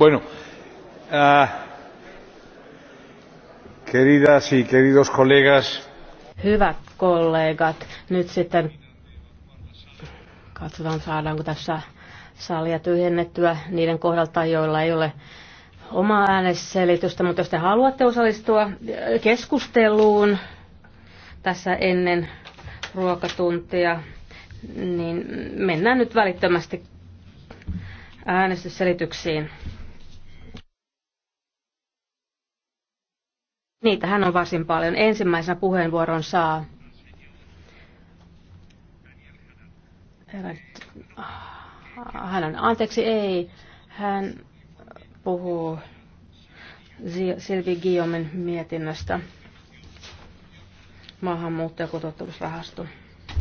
Bueno, ah, queridas y queridos colegas. Hyvät kollegat, nyt sitten katsotaan saadaanko tässä salia tyhjennettyä niiden kohdalta, joilla ei ole omaa äänesselitystä, mutta jos te haluatte osallistua keskusteluun tässä ennen ruokatuntia, niin mennään nyt välittömästi äänestysselityksiin. Niitä hän on varsin paljon. Ensimmäisenä puheenvuoron saa ah, hän on, anteeksi, ei, hän puhuu Silvi Guillaumin mietinnöstä maahanmuutto- ja kotouttamisrahasto.